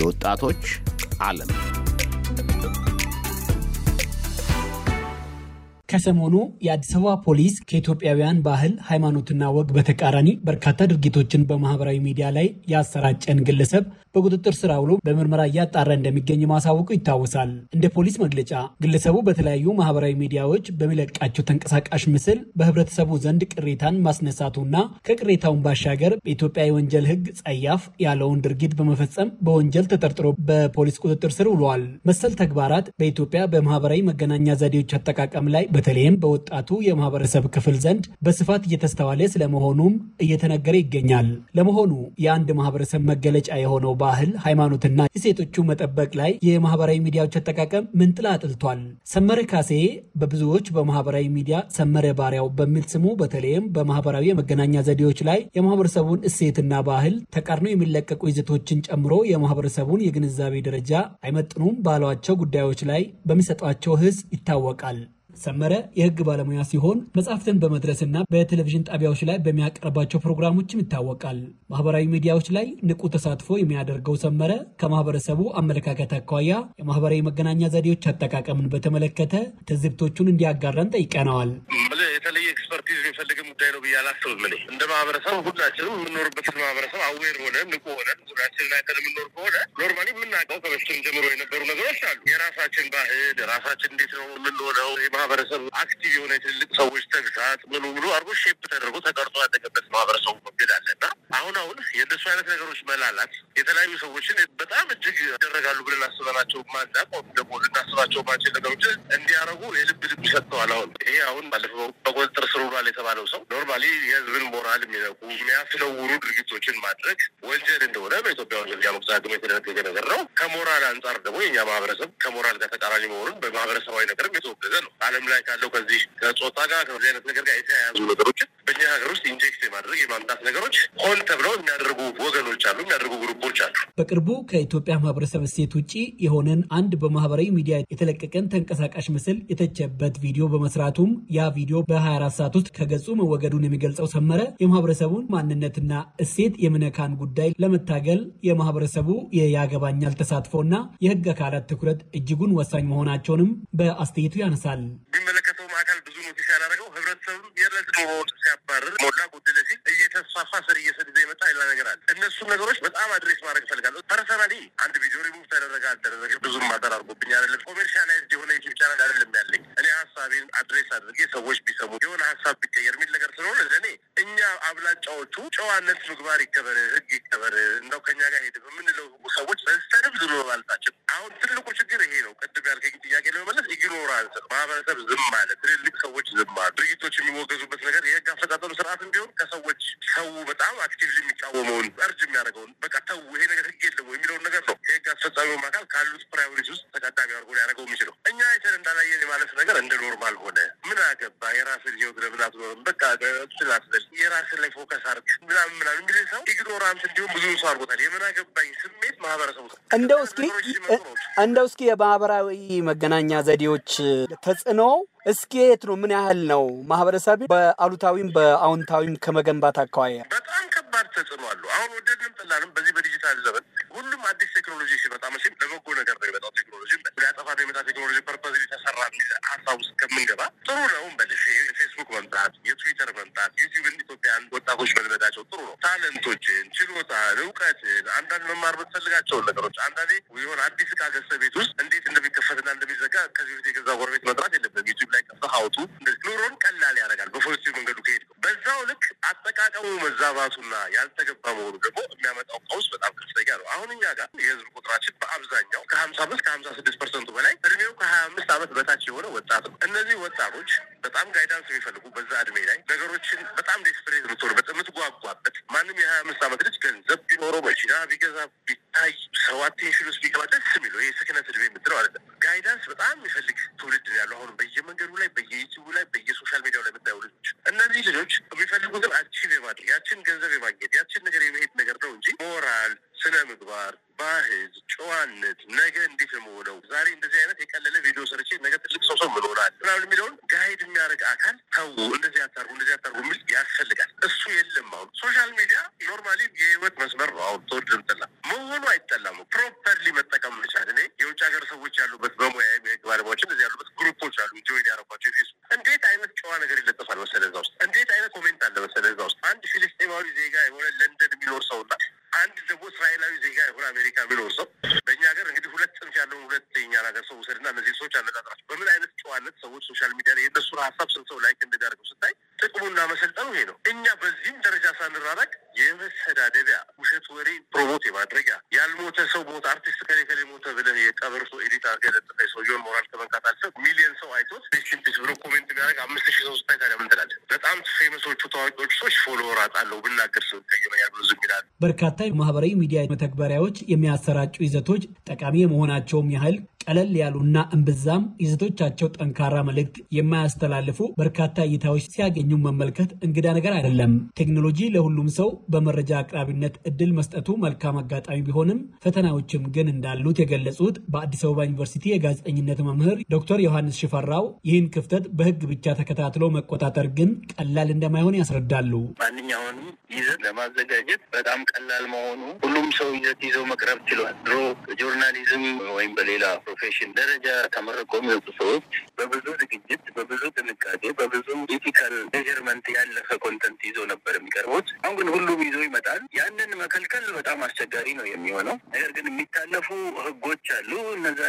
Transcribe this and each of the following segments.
የወጣቶች ዓለም ከሰሞኑ የአዲስ አበባ ፖሊስ ከኢትዮጵያውያን ባህል፣ ሃይማኖትና ወግ በተቃራኒ በርካታ ድርጊቶችን በማህበራዊ ሚዲያ ላይ ያሰራጨን ግለሰብ በቁጥጥር ስር አውሎ በምርመራ እያጣራ እንደሚገኝ ማሳወቁ ይታወሳል። እንደ ፖሊስ መግለጫ ግለሰቡ በተለያዩ ማህበራዊ ሚዲያዎች በሚለቃቸው ተንቀሳቃሽ ምስል በህብረተሰቡ ዘንድ ቅሬታን ማስነሳቱና ከቅሬታውን ባሻገር በኢትዮጵያ የወንጀል ህግ ጸያፍ ያለውን ድርጊት በመፈጸም በወንጀል ተጠርጥሮ በፖሊስ ቁጥጥር ስር ውሏል። መሰል ተግባራት በኢትዮጵያ በማህበራዊ መገናኛ ዘዴዎች አጠቃቀም ላይ በተለይም በወጣቱ የማህበረሰብ ክፍል ዘንድ በስፋት እየተስተዋለ ስለመሆኑም እየተነገረ ይገኛል። ለመሆኑ የአንድ ማህበረሰብ መገለጫ የሆነው ባህል፣ ሃይማኖትና እሴቶቹ መጠበቅ ላይ የማህበራዊ ሚዲያዎች አጠቃቀም ምን ጥላ አጥልቷል? ሰመረ ካሴ በብዙዎች በማህበራዊ ሚዲያ ሰመረ ባሪያው በሚል ስሙ በተለይም በማህበራዊ የመገናኛ ዘዴዎች ላይ የማህበረሰቡን እሴትና ባህል ተቃርነው የሚለቀቁ ይዘቶችን ጨምሮ የማህበረሰቡን የግንዛቤ ደረጃ አይመጥኑም ባሏቸው ጉዳዮች ላይ በሚሰጧቸው ህዝ ይታወቃል። ሰመረ የህግ ባለሙያ ሲሆን መጽሐፍትን በመድረስና በቴሌቪዥን ጣቢያዎች ላይ በሚያቀርባቸው ፕሮግራሞችም ይታወቃል። ማህበራዊ ሚዲያዎች ላይ ንቁ ተሳትፎ የሚያደርገው ሰመረ ከማህበረሰቡ አመለካከት አኳያ የማህበራዊ መገናኛ ዘዴዎች አጠቃቀምን በተመለከተ ትዝብቶቹን እንዲያጋራን ጠይቀነዋል። የተለየ አላስብም። እኔ እንደ ማህበረሰብ ሁላችንም የምንኖርበትን ማህበረሰብ አዌር ሆነ ንቁ ሆነ ዙሪያችንን ላይ የምንኖር ከሆነ ኖርማሊ የምናውቀው ከበፊትም ጀምሮ የነበሩ ነገሮች አሉ። የራሳችን ባህል ራሳችን እንዴት ነው የምንሆነው የማህበረሰብ አክቲቭ የሆነ ትልልቅ ሰዎች ተግሳጽ ምኑ ምኑ አርጎ ሼፕ ተደርጎ ተቀርጦ ያደገበት ማህበረሰቡ የእንደሱ አይነት ነገሮች መላላት የተለያዩ ሰዎችን በጣም እጅግ ይደረጋሉ ብለን ላስበናቸው ማናቅ ወይም ደግሞ ልናስባቸው ማንችል ነገሮችን እንዲያረጉ የልብ ልብ ሰጥተዋል። አሁን ይሄ አሁን ባለፈው በቁጥጥር ስር ውሏል የተባለው ሰው ኖርማሊ የህዝብን ሞራል የሚነቁ የሚያስለውሩ ድርጊቶችን ማድረግ ወንጀል እንደሆነ በኢትዮጵያ ወንጀል መቅጫ ዛግም የተደነገገ ነገር ነው። ከሞራል አንጻር ደግሞ የኛ ማህበረሰብ ከሞራል ጋር ተቃራኒ መሆኑን በማህበረሰባዊ ነገርም የተወገዘ ነው። ዓለም ላይ ካለው ከዚህ ከጾታ ጋር ከዚህ አይነት ነገር ጋር የተያያዙ ነገሮችን በእኛ ሀገር ውስጥ ኢንጀክት የማድረግ የማምጣት ነገሮች ሆን ተብለው የሚያደርጉ ወገኖች አሉ፣ የሚያደርጉ ግሩፖች አሉ። በቅርቡ ከኢትዮጵያ ማህበረሰብ እሴት ውጭ የሆነን አንድ በማህበራዊ ሚዲያ የተለቀቀን ተንቀሳቃሽ ምስል የተቸበት ቪዲዮ በመስራቱም ያ ቪዲዮ በ24 ሰዓት ውስጥ ከገጹ መወገዱን የሚገልጸው ሰመረ የማህበረሰቡን ማንነትና እሴት የምነካን ጉዳይ ለመታገል የማህበረሰቡ የያገባኛል ተሳትፎና የህግ አካላት ትኩረት እጅጉን ወሳኝ መሆናቸውንም በአስተያየቱ ያነሳል። ያላቸውን የረት ኑሮውን ሲያባርር ሞላ ጎደለ ሲል እየተስፋፋ ስር እየሰደደ የመጣ ሌላ ነገር አለ። እነሱም ነገሮች በጣም አድሬስ ማድረግ እፈልጋለሁ። ፐርሰናሊ አንድ ቪዲዮ ሪሙቭ ተደረገ አልተደረገ ብዙም ማተር አድርጎብኝ አይደለም። ኮሜርሻላይዝ የሆነ ዩቲብ ቻናል አይደለም ያለኝ። እኔ ሀሳቤን አድሬስ አድርጌ ሰዎች ቢሰሙ የሆነ ሀሳብ ቢቀየር የሚል ነገር ስለሆነ ለእኔ እኛ አብላጫዎቹ ጨዋነት ምግባር ይከበር፣ ህግ ይከበር ሊያደርገው የሚችለው እኛ አይተን እንዳላየን የማለት ነገር እንደ ኖርማል ሆነ። ምን አገባ የራስን ህይወት ለምን አትኖርም? በቃ ስላትበል የራስን ላይ ፎከስ አርግ ምናምን ምናምን እንግዲህ ሰው ኢግኖራንስ እንዲሁም ብዙ ሰው አርጎታል። የምን አገባኝ ስሜት ማህበረሰቡ እንደው እስኪ እንደው እስኪ የማህበራዊ መገናኛ ዘዴዎች ተጽዕኖ እስኪ የት ነው ምን ያህል ነው ማህበረሰብ በአሉታዊም በአዎንታዊም ከመገንባት አካባቢ በጣም ከባድ ተጽዕኖ አሉ። አሁን ወደድንም ጠላንም በዚህ በዲጂታል ዘመን ሁሉም አዲስ ቴክኖሎጂ ሲመጣ መቼም ለበጎ ነገር ነው ኦሪጅ ፐርፐዝ የተሰራ ሀሳብ ውስጥ ከምንገባ ጥሩ ነው በልሽ። የፌስቡክ መምጣት፣ የትዊተር መምጣት፣ ዩቲዩብ ኢትዮጵያን ወጣቶች መልመዳቸው ጥሩ ነው። ታለንቶችን፣ ችሎታን፣ እውቀትን አንዳንድ መማር የምትፈልጋቸውን ነገሮች አንዳንዴ የሆነ አዲስ ዕቃ ገዝተህ ቤት ውስጥ እንዴት እንደሚከፈትና እንደሚዘጋ ከዚህ በፊት የገዛ ጎረቤት መጥራት የለብህም። በሀውቱ ኑሮን ቀላል ያደርጋል። በፖሊሲ መንገዱ ከሄድ በዛው ልክ አጠቃቀሙ መዛባቱና ያልተገባ መሆኑ ደግሞ የሚያመጣው ቀውስ በጣም ከፍተኛ ነው። አሁን እኛ ጋር የህዝብ ቁጥራችን በአብዛኛው ከሀምሳ አምስት ከሀምሳ ስድስት ፐርሰንቱ በላይ እድሜው ከሀያ አምስት ዓመት በታች የሆነ ወጣት ነው። እነዚህ ወጣቶች በጣም ጋይዳንስ የሚፈልጉ በዛ እድሜ ላይ ነገሮችን በጣም ዴስፕሬት የምትሆንበት የምትጓጓበት ማንም የሀያ አምስት ዓመት ልጅ ገንዘብ ቢኖረው መኪና ቢገዛ ሰው አቴንሽን ውስጥ ቢገባ ደስ የሚለው ይሄ ሰክነት እድሜ የምትለው አለ። ጋይዳንስ በጣም የሚፈልግ ትውልድ ነው ያለው። አሁን በየመንገዱ ላይ፣ በየዩቲቡ ላይ፣ በየሶሻል ሚዲያው ላይ የምታየው ልጆች እነዚህ ልጆች የሚፈልጉትን አቺቭ የማድረግ ያችን ገንዘብ የማግኘት ያችን ነገር የመሄድ ነገር ነው እንጂ ሞራል፣ ስነ ምግባር፣ ባህል፣ ጨዋነት፣ ነገ እንዴት የምሆነው ዛሬ እንደዚህ አይነት የቀለለ ቪዲዮ ሰርቼ ነገ ትልቅ ሰው ሰው ምን ምናምን የሚለውን ጋይድ የሚያደርግ አካል ቀላሉ ፕሮፐርሊ መጠቀም መቻል። እኔ የውጭ ሀገር ሰዎች ያሉበት በሙያ የህግ ባለሙያዎችም እዚህ ያሉበት ግሩፖች አሉ ጆይን ያረኳቸው የፌስቡክ እንዴት አይነት ጨዋ ነገር ይለጠፋል መሰለ እዛ ውስጥ እንዴት አይነት ኮሜንት አለ መሰለ እዛ ውስጥ አንድ ፊልስጤማዊ ዜጋ የሆነ ለንደን የሚኖር ሰው እና አንድ ደግሞ እስራኤላዊ ዜጋ የሆነ አሜሪካ የሚኖር ሰው በእኛ ሀገር እንግዲህ ሁለት ጽንፍ ያለውን ሁለት የኛን ሀገር ሰው ውሰድና እነዚህ ሰዎች አነጣጥራቸው በምን አይነት ጨዋነት ሰዎች ሶሻል ሚዲያ ላይ የእነሱን ሀሳብ ስንት ሰው ላይክ እንደሚያደርገው ስታይ ጥቅሙና መሰልጠኑ ይሄ ነው። እኛ በዚህም ደረጃ ሳንራራቅ የመሰዳደቢያ ውሸት ወሬ ፕሮሞት የማድረጊያ ያላቸው ታዋቂዎች ሰዎች ፎሎወር አጣለሁ ብናገር ሰው ይቀይረኛል ብሎ ዝም ይላል። በርካታ ማህበራዊ ሚዲያ መተግበሪያዎች የሚያሰራጩ ይዘቶች ጠቃሚ የመሆናቸውም ያህል ቀለል ያሉና እምብዛም ይዘቶቻቸው ጠንካራ መልእክት የማያስተላልፉ በርካታ እይታዎች ሲያገኙ መመልከት እንግዳ ነገር አይደለም። ቴክኖሎጂ ለሁሉም ሰው በመረጃ አቅራቢነት እድል መስጠቱ መልካም አጋጣሚ ቢሆንም ፈተናዎችም ግን እንዳሉት የገለጹት በአዲስ አበባ ዩኒቨርሲቲ የጋዜጠኝነት መምህር ዶክተር ዮሐንስ ሽፈራው ይህን ክፍተት በህግ ብቻ ተከታትሎ መቆጣጠር ግን ቀላል እንደማይሆን ያስረዳሉ። ማንኛውንም ይዘት ለማዘጋጀት በጣም ቀላል መሆኑ ሁሉም ሰው ይዘት ይዘው መቅረብ ችሏል። ድሮ ጆርናሊዝም ወይም በሌላ ፕሮፌሽን ደረጃ ተመርቆ የሚወጡ ሰዎች በብዙ ዝግጅት፣ በብዙ ጥንቃቄ፣ በብዙ ኢቲካል ሜዥርመንት ያለፈ ኮንተንት ይዞ ነበር የሚቀርቡት። አሁን ግን ሁሉም ይዞ ይመጣል። ያንን መከልከል በጣም አስቸጋሪ ነው የሚሆነው። ነገር ግን የሚታለፉ ህጎች አሉ። እነዛ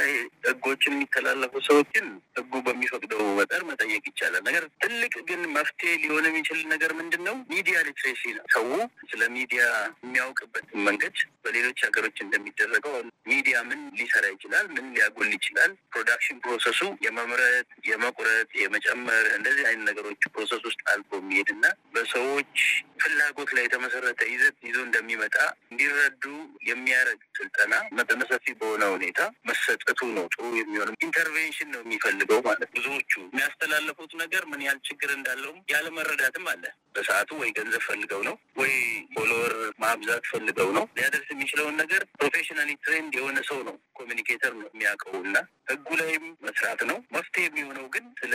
ህጎችን የሚተላለፉ ሰዎችን ህጉ በሚፈቅደው መጠር መጠየቅ ይቻላል። ነገር ትልቅ ግን መፍትሄ ሊሆን የሚችል ነገር ምንድን ነው? ሚዲያ ሊትሬሲ ነው። ሰው ስለ ሚዲያ የሚያውቅበት መንገድ በሌሎች ሀገሮች እንደሚደረገው ሚዲያ ምን ሊሰራ ይችላል፣ ምን ሊያጎል ይችላል፣ ፕሮዳክሽን ፕሮሰሱ የመምረት የመቁረጥ፣ የመጨመር እንደዚህ አይነት ነገሮች ሌሎች ፕሮሰስ ውስጥ አልፎ የሚሄድ እና በሰዎች ፍላጎት ላይ የተመሰረተ ይዘት ይዞ እንደሚመጣ እንዲረዱ የሚያደርግ ስልጠና መጠነ ሰፊ በሆነ ሁኔታ መሰጠቱ ነው ጥሩ የሚሆነው። ኢንተርቬንሽን ነው የሚፈልገው ማለት ብዙዎቹ የሚያስተላለፉት ነገር ምን ያህል ችግር እንዳለውም ያለመረዳትም አለ። በሰዓቱ ወይ ገንዘብ ፈልገው ነው ወይ ፎሎወር ማብዛት ፈልገው ነው። ሊያደርስ የሚችለውን ነገር ፕሮፌሽናሊ ትሬንድ የሆነ ሰው ነው ኮሚኒኬተር ነው የሚያውቀው እና ህጉ ላይም መስራት ነው መፍትሄ የሚሆነው ግን ስለ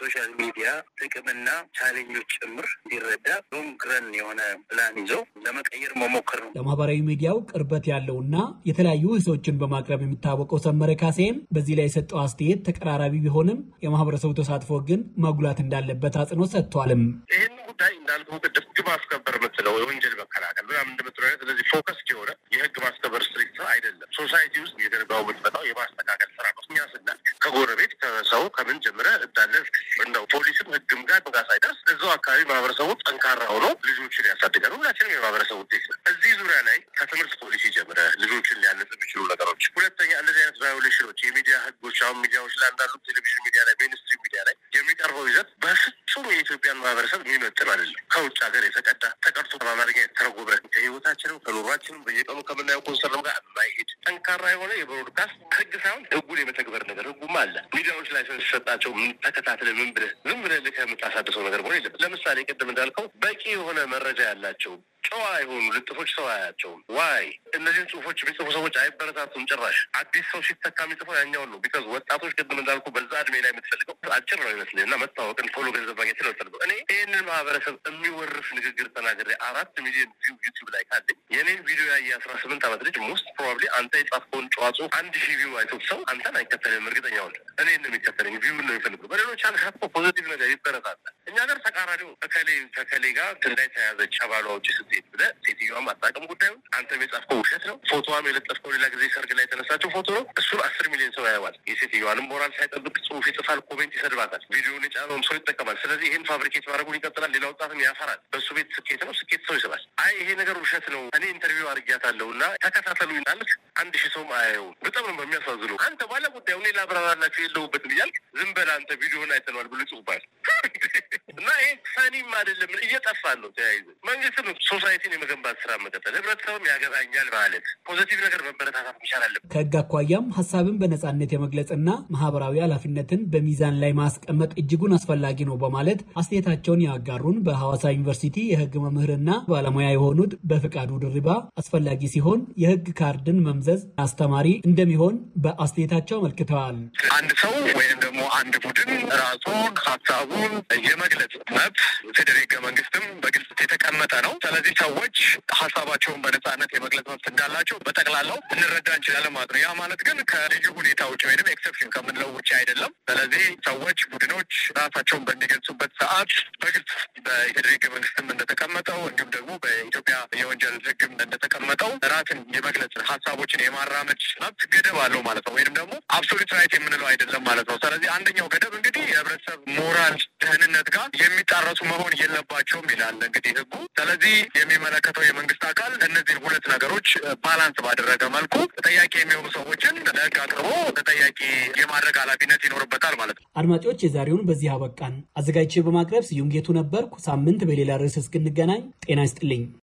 ሶሻል ሚዲያ ጥቅም ሕክምና ቻሌንጆች ጭምር እንዲረዳ ሎንግረን የሆነ ፕላን ይዞ ለመቀየር መሞከር ነው። ለማህበራዊ ሚዲያው ቅርበት ያለውና የተለያዩ ህሶችን በማቅረብ የሚታወቀው ሰመረ ካሴም በዚህ ላይ የሰጠው አስተያየት ተቀራራቢ ቢሆንም የማህበረሰቡ ተሳትፎ ግን መጉላት እንዳለበት አጽንኦት ሰጥቷልም። ይህን ጉዳይ እንዳልከው ቅድም ህግ ማስከበር የምትለው የወንጀል መከላከል በጣም እንደምትለ ስለዚህ ፎከስ የሆነ የህግ ማስከበር ስትሪክት አይደለም ሶሳይቲ ውስጥ የገነባው የምትመጣው የማስተካከል ስራ ነው። እኛ ስናል ከጎረቤት ከሰው ከምን ጀምረ እንዳለ እንደው ፖሊስም ህግም ጋር ጋ ሳይደርስ እዛው አካባቢ ማህበረሰቡ ጠንካራ ሆኖ ልጆችን ያሳድጋል። ሁላችንም የማህበረሰቡ ውጤት ነው። እዚህ ዙሪያ ላይ ከትምህርት ፖሊሲ ጀምረ ልጆችን ሊያነጽ የሚችሉ ነገሮች፣ ሁለተኛ እንደዚህ አይነት ቫዮሌሽኖች የሚዲያ ህጎች አሁን ሚዲያዎች ላይ አንዳንዱ ቴሌቪዥን ተከታትለ ምን ብለህ ዝም ብለህ ልከህ የምታሳድሰው ነገር መሆን የለብህም። ለምሳሌ ቅድም እንዳልከው በቂ የሆነ መረጃ ያላቸው ጨዋ አይሆኑ ልጥፎች ሰው አያቸውም። ዋይ እነዚህን ጽሁፎች የሚጽፉ ሰዎች አይበረታቱም። ጭራሽ አዲስ ሰው ሲተካ የሚጽፈው ያኛውን ነው። ቢካዝ ወጣቶች ቅድም እንዳልኩ በዛ እድሜ ላይ የምትፈልገው አጭር ነው ይመስለኝ እና መታወቅን ፎሎ ገንዘብ ማግኘት ነው ፈልገው። እኔ ይህንን ማህበረሰብ የሚወርፍ ንግግር ተናግሬ አራት ሚሊዮን ቪው ዩቲዩብ ላይ ካለኝ የኔን ቪዲዮ ያየ አስራ ስምንት ዓመት ልጅ ሞስት ፕሮባብሊ አንተ የጻፍከውን ጨዋ ጽሁፍ አንድ ሺህ ቪው አይቶት ሰው አንተን አይከተልም። እርግጠኛ ሁን። እኔ ነው የሚከተለኝ ቪው ነው የሚፈልገው። በሌሎች ሀገር ፖዘቲቭ ነገር ይበረታታል። እኛ ሀገር ተቃራኒው ከከሌ ከከሌ ጋር ትንዳይ ተያዘች እንዳይተያዘች ውጭ ስት ሴት ብለህ ሴትዮዋም አታውቅም ጉዳዩን። አንተ የጻፍከው ውሸት ነው። ፎቶዋም የለጠፍከው ሌላ ጊዜ ሰርግ ላይ የተነሳችው ፎቶ ነው። እሱን አስር ሚሊዮን ሰው ያየዋል። የሴትዮዋንም ሞራል ሳይጠብቅ ጽሁፍ ይጽፋል፣ ኮሜንት ይሰድባታል፣ ቪዲዮን የጫነውም ሰው ይጠቀማል። ስለዚህ ይህን ፋብሪኬት ማድረጉን ይቀጥላል። ሌላ ወጣትም ያፈራል። በእሱ ቤት ስኬት ነው፣ ስኬት ሰው ይስባል። አይ ይሄ ነገር ውሸት ነው፣ እኔ ኢንተርቪው አድርጊያታለሁ እና ተከታተሉኝ ማለት አንድ ሺህ ሰውም አያየውም። በጣም ነው የሚያሳዝነው። አንተ ባለ ጉዳዩ ሌላ አብራራላችሁ የለሁበት ብያል። ዝም በላ አንተ ቪዲዮን አይተነዋል ብሎ ይጽፉባል እና ይህ ፈኒም አይደለም እየጠፋ ነው። ተያይዘ መንግስትም ሶሳይቲን የመገንባት ስራ መቀጠል፣ ህብረተሰብም ያገባኛል ማለት ፖዘቲቭ ነገር መበረታታት ይሻል አለ። ከህግ አኳያም ሀሳብን በነፃነት የመግለጽና ማህበራዊ ኃላፊነትን በሚዛን ላይ ማስቀመጥ እጅጉን አስፈላጊ ነው በማለት አስተያየታቸውን ያጋሩን በሐዋሳ ዩኒቨርሲቲ የህግ መምህርና ባለሙያ የሆኑት በፍቃዱ ድርባ አስፈላጊ ሲሆን የህግ ካርድን መምዘዝ አስተማሪ እንደሚሆን በአስተያየታቸው አመልክተዋል። አንድ ሰው ወይም ደግሞ አንድ ቡድን ራሱን ሀሳቡን የመግለጽ መብት ፌዴራል ህገ መንግስትም በግልጽ የተቀመጠ ነው። ስለዚህ ሰዎች ሀሳባቸውን በነጻነት የመግለጽ መብት እንዳላቸው በጠቅላላው እንረዳ እንችላለን ማለት ነው። ያ ማለት ግን ከልዩ ሁኔታ ውጭ ወይም ኤክሰፕሽን ከምንለው ውጭ አይደለም። ስለዚህ ሰዎች፣ ቡድኖች ራሳቸውን በሚገልጹበት ሰዓት በግልጽ በፌዴራል ህገ መንግስትም እንደተቀመጠው እንዲሁም ደግሞ በኢትዮጵያ የወንጀል ህግም እንደተቀመጠው ራስን የመግለጽ ሀሳቦችን የማራመድ መብት ገደብ አለው ማለት ነው። ወይም ደግሞ አብሶሉት ራይት የምንለው አይደለም ማለት ነው። ስለዚህ አንደኛው ገደብ እንግዲህ የህብረተሰብ ሞራል ደህንነት ጋር የሚጣረሱ መሆን የለባቸውም ይላል እንግዲህ ህጉ። ስለዚህ የሚመለከተው የመንግስት አካል እነዚህን ሁለት ነገሮች ባላንስ ባደረገ መልኩ ተጠያቂ የሚሆኑ ሰዎችን ለህግ አቅርቦ ተጠያቂ የማድረግ ኃላፊነት ይኖርበታል ማለት ነው። አድማጮች፣ የዛሬውን በዚህ አበቃን። አዘጋጅቼ በማቅረብ ስዩም ጌቱ ነበርኩ። ሳምንት በሌላ ርዕስ እስክንገናኝ ጤና ይስጥልኝ።